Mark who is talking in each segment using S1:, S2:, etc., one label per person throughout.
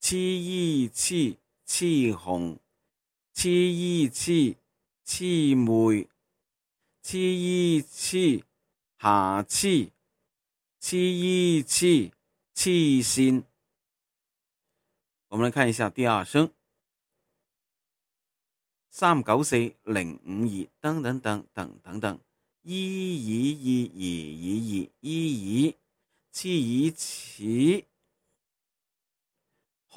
S1: 痴姨痴痴雄，痴姨痴痴魅，痴姨痴瑕疵，痴姨痴痴線。我們來看一下第二聲，三九四零五二等等等等等等，二二二二二二二二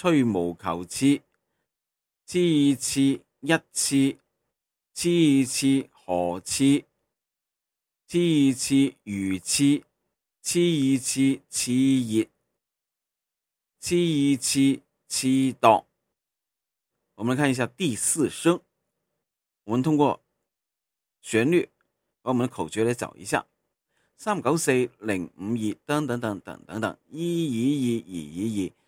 S1: 吹毛求疵，疵二疵一疵，疵二疵何疵，疵二疵如疵，疵二疵似熱，疵二疵似惰。我們看一下第四聲，我們通過旋律，把我們的口訣來找一下：三九四零五二，等等等等等等，一二二二二二。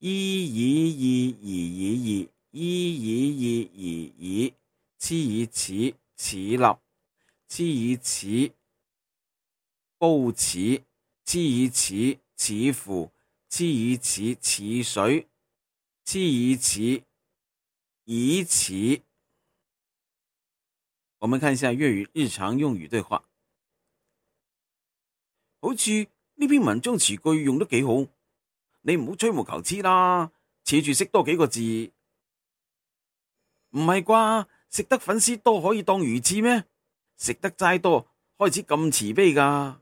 S1: 依以二而以二，依以二而以，知以此此立，知以此褒此，知以此此乎，知以此此水，知以此以此。我們看一下粵語日常用語對話，好似呢篇文章詞句用得幾好。你唔好吹毛求疵啦，恃住識多幾個字，唔係啩？食得粉絲多可以當魚翅咩？食得齋多開始咁慈悲噶。